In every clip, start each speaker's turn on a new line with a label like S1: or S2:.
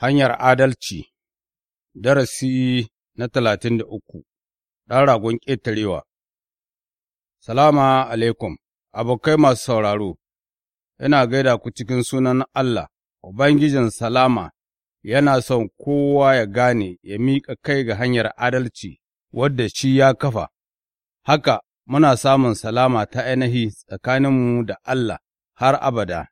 S1: Hanyar Adalci Darasi na talatin da uku Ɗan ragon ƙetarewa Salama alaikum, abokai masu sauraro, ina gaida ku cikin sunan Allah, Ubangijin Salama yana son kowa ya gane ya miƙa kai ga hanyar adalci wadda shi ya kafa, haka muna samun salama ta ainihi tsakaninmu da Allah har abada.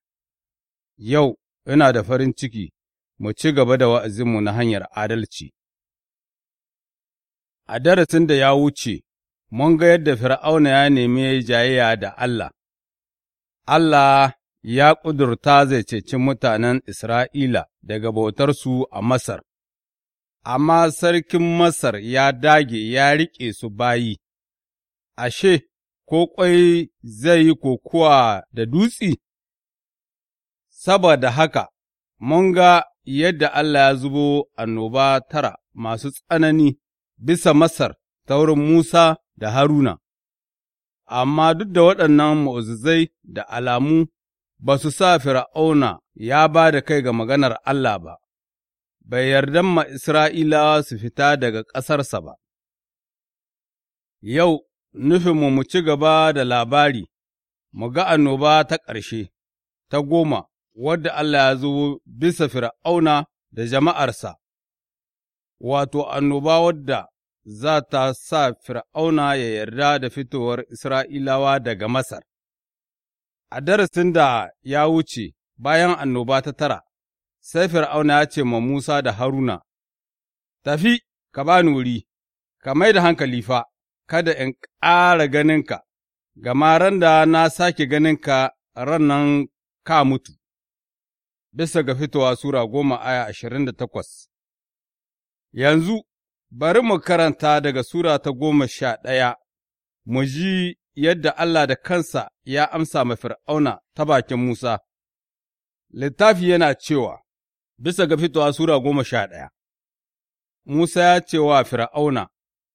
S1: Yau ina da farin ciki mu ci gaba da wa'azinmu na hanyar adalci. A darasin da ya wuce, mun ga yadda Fir'auna ya nemi ya yi jayayya da Allah, Allah ya ƙudurta zai ceci mutanen Isra'ila daga bautarsu a Masar, amma sarkin Masar ya dage ya riƙe su bayi, ashe, ko ƙwai zai yi kokuwa da dutse? Saboda haka, mun ga yadda Allah ya zubo annoba tara masu tsanani bisa Masar ta wurin Musa da Haruna, amma duk da waɗannan ma’uzuzai da alamu ba su sa Fir'auna ya ba da kai ga maganar Allah ba, bai yarda ma Isra'ilawa su fita daga ƙasarsa ba. Yau nufinmu mu ci gaba da labari, mu ga annoba ta ƙarshe, ta goma, wadda Allah ya zubo bisa Fir'auna da jama'arsa, wato annoba wadda za ta sa Fir'auna ya yarda da fitowar Isra'ilawa daga Masar. A darasin da ya wuce bayan annoba ta tara, sai Fir'auna ya ce ma Musa da Haruna, Tafi, ka bani wuri, ka mai da hankali fa, kada in ƙara ganinka, gama ran da na sake ganinka ran nan ka mutu. bisa ga fitowa Sura goma aya ashirin da takwas. Yanzu, bari mu karanta daga Sura ta goma sha ɗaya, mu ji yadda Allah da kansa ya amsa ma Fir'auna ta bakin Musa. Littafi yana cewa, bisa ga fitowa Sura goma sha ɗaya, Musa ya ce wa Fir'auna,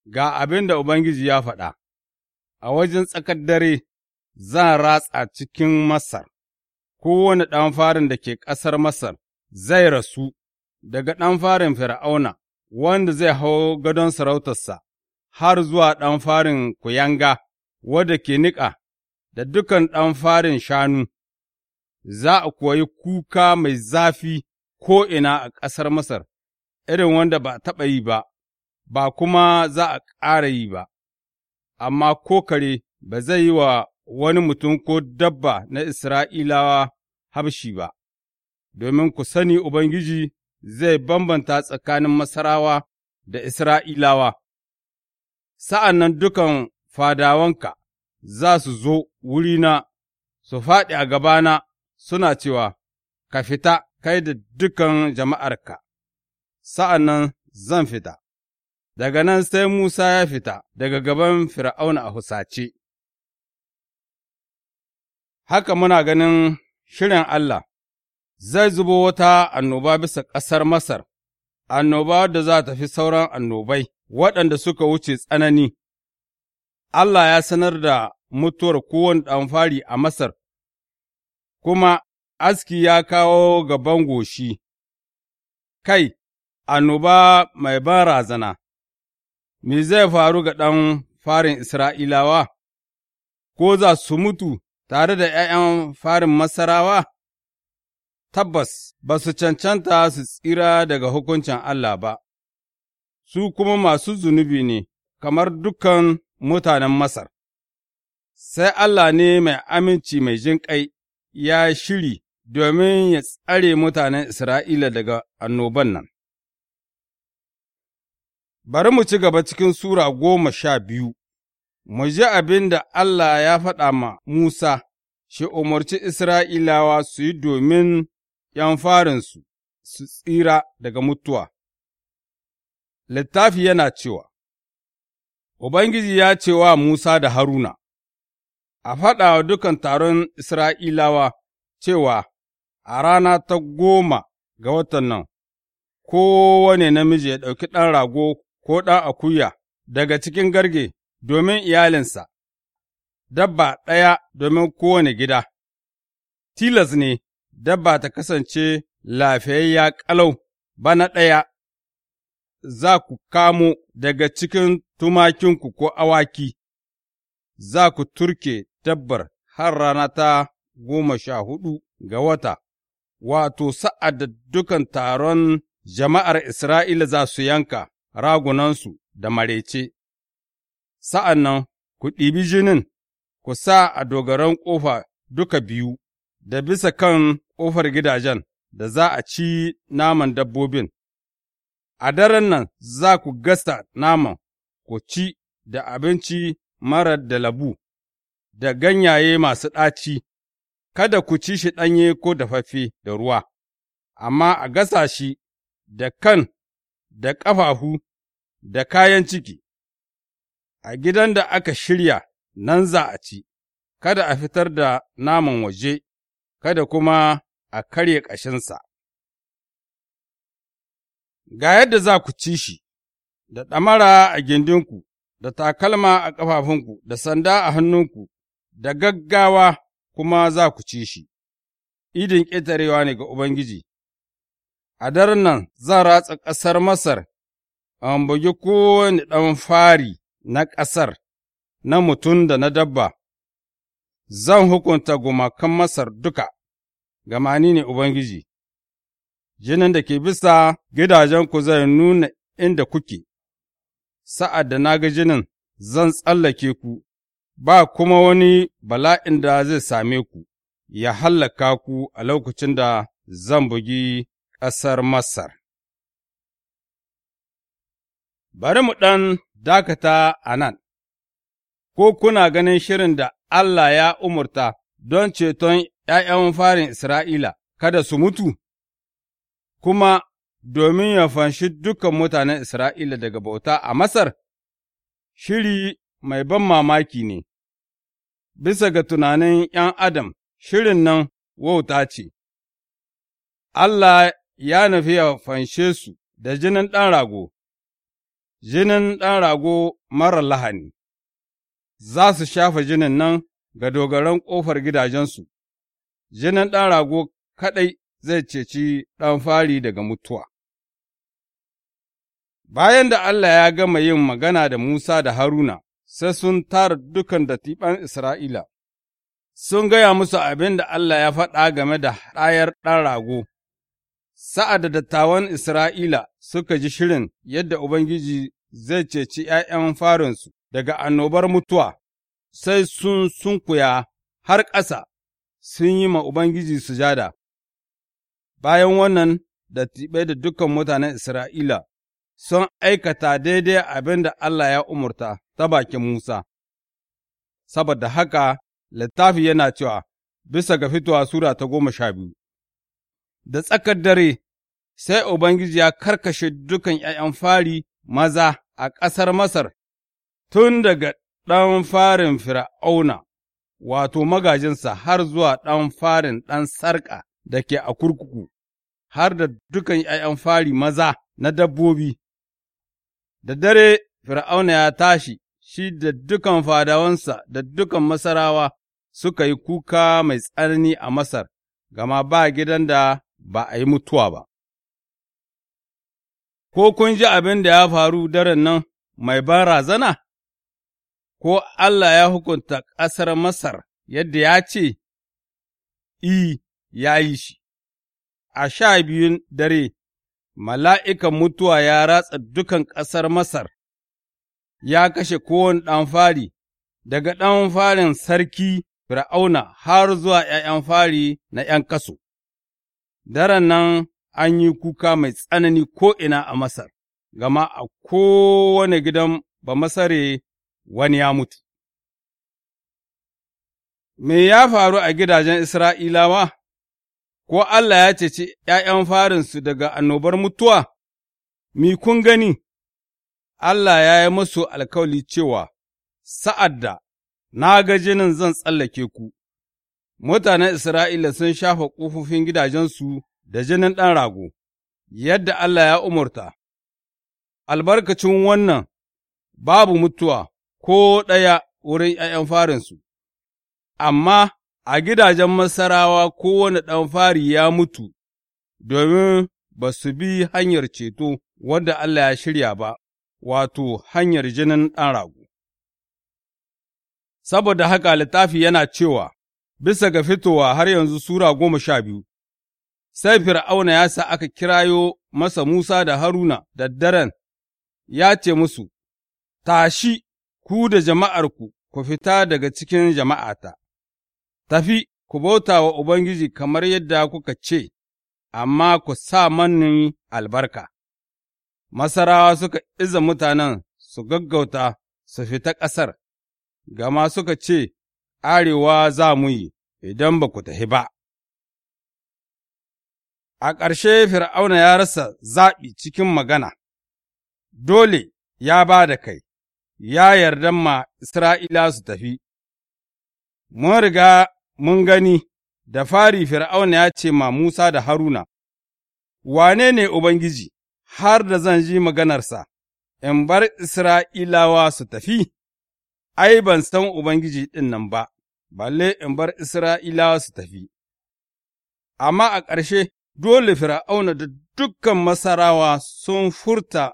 S1: Ga abin da Ubangiji ya faɗa, a wajen tsakar dare zan ratsa cikin Masar. kowane ɗan farin da ke ƙasar Masar zai rasu daga ɗan farin Fir'auna, wanda zai hau gadon sarautarsa, har zuwa ɗan farin kuyanga, wadda ke niƙa, da dukan ɗan farin shanu, za a kuwa kuka mai zafi ko'ina a ƙasar Masar, irin wanda ba a taɓa yi ba, ba kuma za a ƙara yi ba, amma ko kare ba zai yi wa wani mutum ko dabba na Isra'ilawa habshi ba, domin ku sani Ubangiji zai bambanta tsakanin Masarawa da Isra'ilawa, sa'an nan dukan fadawanka za su zo wurina su faɗi a gabana suna cewa, Ka fita kai da dukan jama'arka, sa'an nan zan fita, daga nan sai Musa ya fita daga gaban Fir'auna a husace. haka muna ganin shirin Allah, zai zubo wata annoba bisa ƙasar Masar, annoba da za ta fi sauran annobai waɗanda suka wuce tsanani. Allah ya sanar da mutuwar kowane ɗan fari a Masar, kuma aski ya kawo gaban goshi, kai, annoba mai ban razana, me zai faru ga ɗan farin Isra'ilawa, ko za su mutu tare da ’ya'yan farin Masarawa? Tabbas, ba su cancanta su tsira daga hukuncin Allah ba, su kuma masu zunubi ne, kamar dukan mutanen Masar. Sai Allah ne mai aminci mai jinƙai ya shiri domin ya tsare mutanen Isra'ila daga annoban nan. Bari mu ci gaba cikin Sura goma sha biyu. mu ji abin da Allah ya faɗa ma Musa, shi umarci Isra'ilawa su yi domin ’yan farinsu su tsira daga mutuwa. Littafi yana cewa, Ubangiji ya ce wa Musa da Haruna, A faɗa wa dukan taron Isra'ilawa cewa a rana ta goma ga watan nan, kowane namiji ya ɗauki ɗan rago ko ɗan akuya daga cikin garge domin iyalinsa, dabba ɗaya domin kowane gida, tilas ne dabba ta kasance lafiyayya ƙalau bana ɗaya, za ku kamo daga cikin tumakinku ko awaki, za ku turke dabbar har rana ta goma sha hudu ga wata, wato sa'ad da dukan taron jama'ar Isra'ila za su yanka ragunansu da marece. sa'an nan ku ɗibi jinin, ku sa a dogaran ƙofa duka biyu, da bisa kan ƙofar gidajen da za a ci naman dabbobin. A daren nan za ku gasa naman, ku ci da abinci marar da labu, da ganyaye masu ɗaci, kada ku ci shi ɗanye ko dafaffe da ruwa, amma a gasa shi da kan, da ƙafafu, da kayan ciki. a gidan da aka shirya nan za a ci, kada a fitar da naman waje, kada kuma a karya ƙashinsa. Ga yadda za ku ci shi, da ɗamara a gindinku, da takalma a ƙafafunku, da sanda a hannunku, da gaggawa kuma za ku ci shi, idin ƙetarewa ne ga Ubangiji. A daren nan zan ratsa ƙasar Masar, an bugi kowane ɗan fari na ƙasar, na mutum da na dabba, zan hukunta gumakan Masar duka, gama ni ne Ubangiji, jinin da ke bisa gidajenku zai nuna inda kuke, sa'ad da na ga jinin zan tsallake ku, ba kuma wani bala'in da zai same ku, ya hallaka ku a lokacin da zan bugi ƙasar Masar. Bari mu ɗan dakata a nan, ko kuna ganin shirin da Allah ya umurta don ceton ’ya'yan farin Isra'ila kada su mutu, kuma domin ya fanshi dukan mutanen Isra'ila daga bauta a Masar, shiri mai ban mamaki ne, bisa ga tunanin ’yan Adam, shirin nan wauta ce, Allah ya nufi ya fanshe su da jinin ɗan rago. jinin ɗan rago marar lahani, za su shafa jinin nan ga dogaran ƙofar gidajensu, jinin ɗan rago kaɗai zai ceci ɗan fari daga mutuwa. Bayan da Allah ya gama yin magana da Musa da Haruna, sai sun tara dukan datiɓan Isra'ila, sun gaya musu abin da Allah ya faɗa game da ɗayar ɗan rago, Sa'ad da dattawan Isra'ila suka ji shirin yadda Ubangiji zai ceci ’ya'yan farinsu daga annobar mutuwa, sai sun sunkuya har ƙasa sun yi ma Ubangiji sujada. Bayan wannan, da tiɓe da dukan mutanen Isra'ila sun aikata daidai abin da Allah ya umurta ta bakin Musa, saboda haka littafi yana cewa bisa ga fitowa Sura ta goma sha biyu. da tsakar dare, sai Ubangiji ya karkashe dukan ’ya'yan fari maza a ƙasar Masar, tun daga ɗan farin Fir'auna, wato magajinsa har zuwa ɗan farin ɗan sarƙa da ke a kurkuku, har da dukan ’ya'yan fari maza na dabbobi. Da dare Fir'auna ya tashi, shi da dukan fadawansa da dukan Masarawa suka yi kuka mai tsanani a Masar, gama ba gidan da ba a yi mutuwa ba. Ko kun ji abin da ya faru daren nan mai ban razana? Ko Allah ya hukunta ƙasar Masar yadda ya ce, I, ya yi shi, a sha biyun dare, mala'ikan mutuwa ya ratsa dukan ƙasar Masar, ya kashe kowane ɗan fari, daga ɗan farin sarki Fir'auna har zuwa ’ya'yan fari na ’yan kaso. daren nan an yi kuka mai tsanani ko'ina a Masar, gama a kowane gidan ba Masare wani ya mutu. Me ya faru a gidajen Isra'ilawa, ko Allah ya ceci ’ya'yan farinsu daga annobar mutuwa, mi kun gani, Allah ya yi musu alkawali cewa, Sa'ad da na ga jinin zan tsallake ku, mutanen Isra'ila sun shafa ƙofofin gidajensu da jinin ɗan rago, yadda Allah ya umarta, albarkacin wannan babu mutuwa ko ɗaya wurin ’ya'yan farinsu, amma a gidajen masarawa kowane ɗan fari ya mutu, domin ba su bi hanyar ceto wadda Allah ya shirya ba, wato hanyar jinin ɗan rago. Saboda haka littafi yana cewa, bisa ga fitowa har yanzu Sura goma sha biyu, sai Fir'auna ya sa aka kirayo masa Musa da Haruna da daren, ya ce musu, Tashi, ku da jama'arku, ku fita daga cikin jama'ata, tafi, ku bauta wa Ubangiji kamar yadda kuka ce, amma ku sa mannin albarka. Masarawa suka iza mutanen su gaggauta su fita ƙasar, gama suka ce, arewa za mu yi idan ba ku tafi ba. A ƙarshe Fir'auna ya rasa zaɓi cikin magana, dole ya ba da kai, ya yarda ma Isra'ila su tafi. Mun riga mun gani da fari Fir'auna ya ce ma Musa da Haruna, Wane ne Ubangiji, har da zan ji maganarsa, in bar Isra'ilawa su tafi? ai, ban san Ubangiji ɗin nan ba, balle in bar Isra'ilawa su tafi. Amma a ƙarshe, dole Fir'auna da dukkan Masarawa sun furta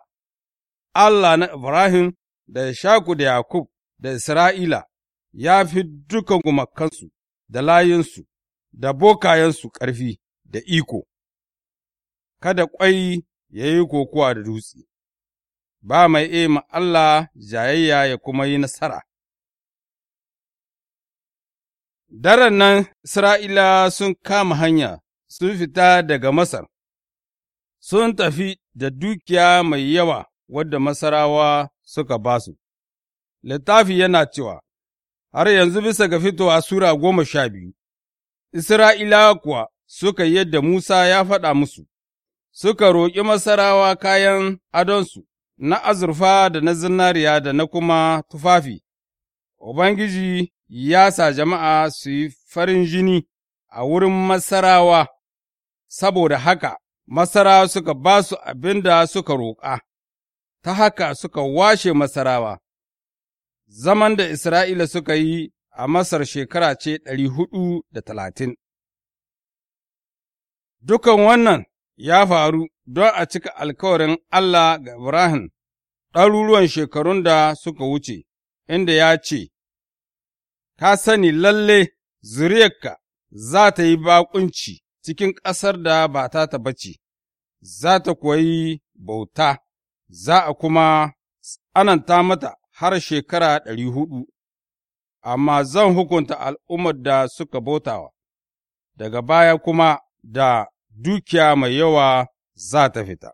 S1: Allah na Ibrahim da Ishaku da Yakub da Isra'ila, ya fi dukan gumakansu da layinsu, da bokayensu ƙarfi da iko, kada ƙwai ya yi kokowa da dutse, ba mai ma Allah jayayya ya kuma yi nasara. Daren nan Isra'ila sun kama hanya, sun fita daga Masar, sun tafi da dukiya mai yawa wadda Masarawa suka ba su. Littafi yana cewa, Har yanzu bisa ga fitowa Sura goma sha biyu, Isra'ila kuwa suka yi yadda Musa ya faɗa musu, suka roƙi Masarawa kayan adonsu na azurfa da na zinariya da na kuma tufafi, Ubangiji ya sa jama'a su yi farin jini a wurin Masarawa, saboda haka Masarawa suka ba su abin da suka roƙa, ta haka suka washe Masarawa. Zaman da Isra'ila suka yi a Masar shekara ce ɗari hudu da talatin. Dukan wannan ya faru don a cika alkawarin Allah ga Ibrahim ɗaruruwan shekarun da suka wuce, inda ya ce, ka sani lalle zuriyarka za ta yi baƙunci cikin ƙasar da ba ta ta bace, za ta kuwa bauta, za a kuma tsananta mata har shekara ɗari huɗu, amma zan hukunta al'ummar da suka bautawa, daga baya kuma da dukiya mai yawa za ta fita.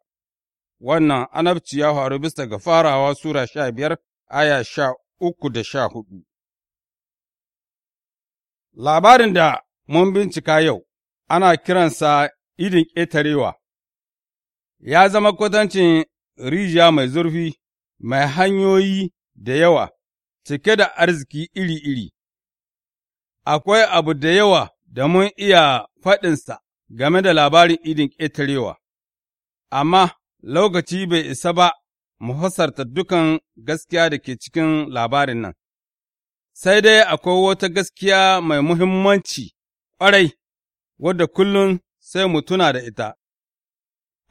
S1: Wannan anabci ya faru bisa ga farawa Sura sha biyar, aya sha uku da sha hudu. Labarin da mun bincika yau ana kiransa idin ƙetarewa, ya zama kwatancin rijiya mai zurfi, mai hanyoyi da yawa, cike da arziki iri-iri. Akwai abu da yawa da mun iya faɗinsa game da labarin idin ƙetarewa, amma lokaci bai isa ba mu fasarta dukan gaskiya da ke cikin labarin nan. sai dai akwai wata gaskiya mai muhimmanci ƙwarai, wadda kullum sai mu tuna da ita,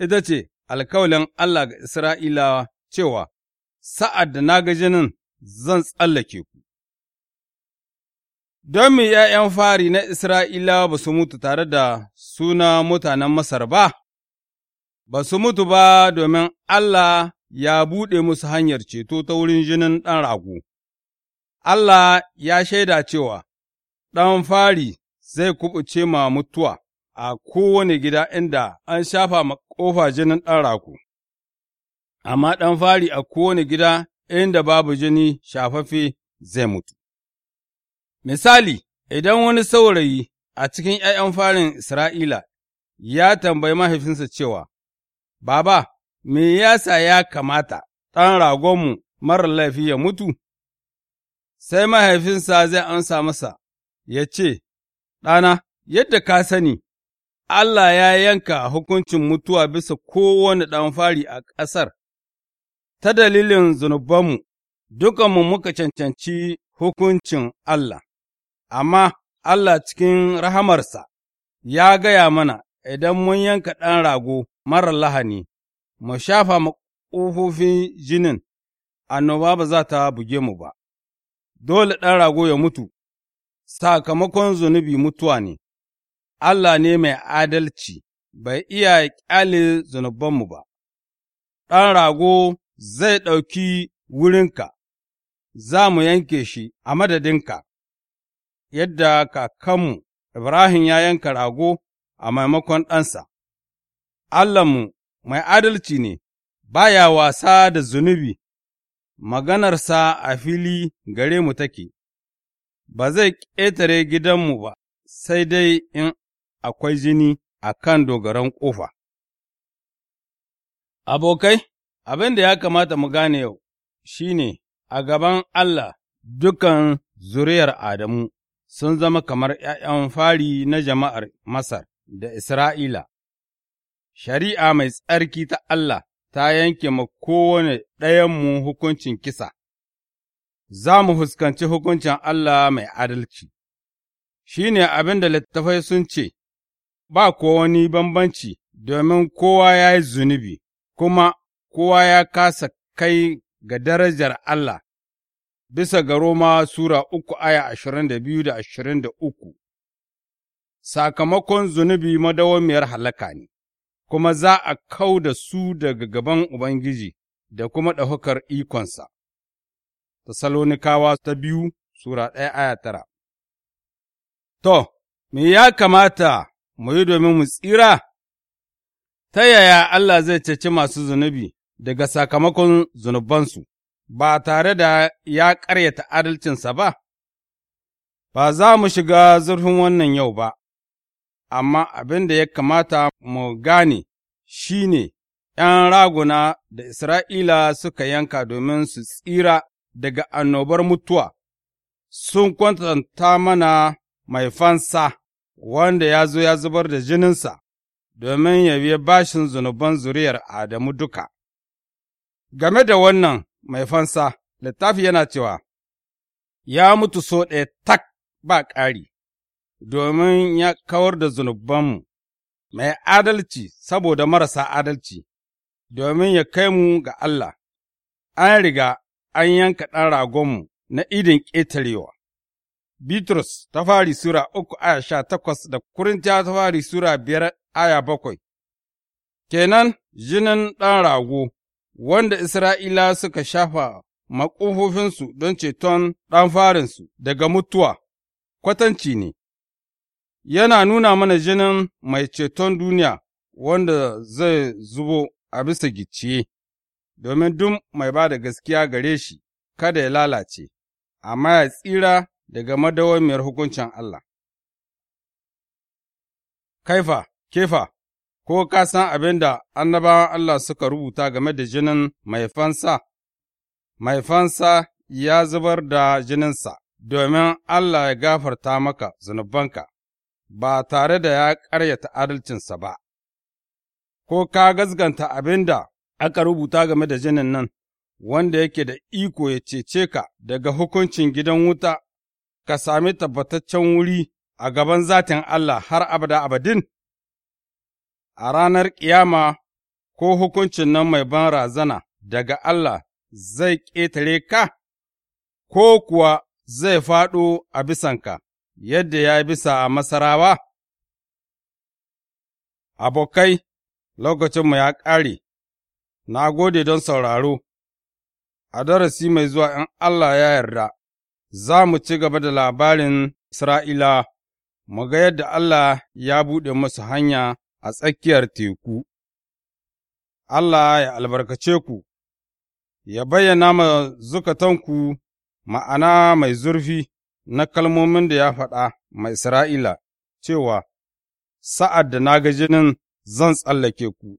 S1: ita ce alkawalin Allah ga Isra'ilawa cewa, Sa'ad da na ga jinin zan tsallake ku. Don me ’ya'yan fari na Isra'ilawa ba su mutu tare da suna mutanen Masar ba, ba su mutu ba domin Allah ya buɗe musu hanyar ceto ta wurin jinin ɗan rago. Allah ya shaida cewa ɗan fari zai kuɓuce ma mutuwa a kowane gida inda an shafa ma ƙofa jinin ɗan raku, amma ɗan fari a kowane gida inda babu jini shafaffe zai mutu. Misali, idan wani saurayi a cikin ’ya'yan farin Isra'ila ya tambayi mahaifinsa cewa, Baba, me yasa ya kamata ɗan ragonmu marar laifi ya mutu? sai mahaifinsa zai amsa masa, ya ce, Ɗana, yadda ka sani, Allah ya yanka hukuncin mutuwa bisa kowane ɗan fari a ƙasar, ta dalilin zunubanmu, dukanmu muka cancanci hukuncin Allah, amma Allah cikin rahamarsa ya gaya mana idan mun yanka ɗan rago marar lahani, mu shafa ƙofofin jinin, annoba ba za ta buge mu ba. dole ɗan rago ya mutu, sakamakon zunubi mutuwa ne, Allah ne mai adalci, bai iya ƙyale zunubanmu ba, ɗan rago zai ɗauki wurinka, za mu yanke shi a madadinka, yadda kakanmu Ibrahim ya yanka rago a maimakon ɗansa, Allahnmu mai adalci ne, baya wasa da zunubi maganarsa a fili gare mu take, ba zai ƙetare gidanmu ba, sai dai in akwai jini a kan dogaran ƙofa. Abokai, abin da ya kamata mu gane yau shi ne, a gaban Allah dukan zuriyar Adamu sun zama kamar ’ya'yan fari na jama'ar Masar da Isra'ila, shari'a mai tsarki ta Allah ta yanke ma kowane ɗayanmu hukuncin kisa, za mu fuskanci hukuncin Allah mai adalci, shi ne abin da littafai sun ce, ba ko wani bambanci domin kowa ya yi zunubi, kuma kowa ya kasa kai ga darajar Allah, bisa ga Roma Sura uku aya ashirin da biyu da ashirin da uku, sakamakon zunubi madawamiyar halaka ne. kuma za a kau da su daga gaban Ubangiji da kuma ɗaukar ikonsa. Tasalonikawa ta biyu Sura ɗaya aya tara To, me ya kamata mu yi domin mu tsira? Ta yaya Allah zai ceci masu zunubi daga sakamakon zunubansu, ba tare da ya ƙaryata adalcinsa ba? Ba za mu shiga zurfin wannan yau ba, amma abin da ya kamata mu gane shi ne ’yan raguna da Isra'ila suka yanka domin su tsira daga annobar mutuwa, sun kwantanta mana mai fansa wanda ya zo ya zubar da jininsa domin ya biya bashin zunuban zuriyar Adamu duka. Game da wannan mai fansa, littafi yana cewa, Ya mutu so ɗaya tak ba ƙari. domin ya kawar da zunubanmu, mai adalci saboda marasa adalci, domin ya kai mu ga Allah, an riga an yanka ɗan ragonmu na idin ƙetarewa. Bitrus ta fari Sura uku aya sha takwas da Kurintiya ta fari Sura biyar aya bakwai. Kenan jinin ɗan rago, wanda Isra'ila suka shafa maƙofofinsu don ceton ɗan farinsu daga mutuwa, kwatanci ne. yana nuna mana jinin mai ceton duniya wanda zai zubo a bisa gicciye, domin duk mai ba da gaskiya gare shi kada ya lalace, amma ya tsira daga madawamiyar hukuncin Allah. Kaifa, kefa, ko ka san abin da annabawan Allah suka rubuta game da jinin mai fansa, mai fansa ya zubar da jininsa domin Allah ya gafarta maka zunubanka. ba tare da ya ƙaryata adalcinsa ba, ko ka gazganta abin da aka rubuta game da jinin nan, wanda yake da iko ya cece ka daga hukuncin gidan wuta, ka sami tabbataccen wuri a gaban zatin Allah har abada abadin? A ranar ƙiyama ko hukuncin nan mai ban razana daga Allah zai ƙetare ka, ko kuwa zai faɗo a bisanka. yadda ya bisa a Masarawa? Abokai, lokacinmu ya ƙare, na gode don sauraro, a darasi mai zuwa in Allah ya yarda, za mu ci gaba da labarin Isra'ila, mu ga yadda Allah ya buɗe musu hanya a tsakiyar teku. Allah ya albarkace ku, ya bayyana ma zukatanku ma'ana mai zurfi. na kalmomin da ya faɗa ma Isra'ila cewa, Sa'ad da na ga jinin zan tsallake ku,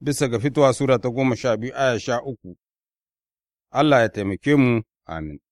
S1: bisa ga fitowa Sura ta goma sha biyu aya sha uku, Allah ya taimake mu, amin.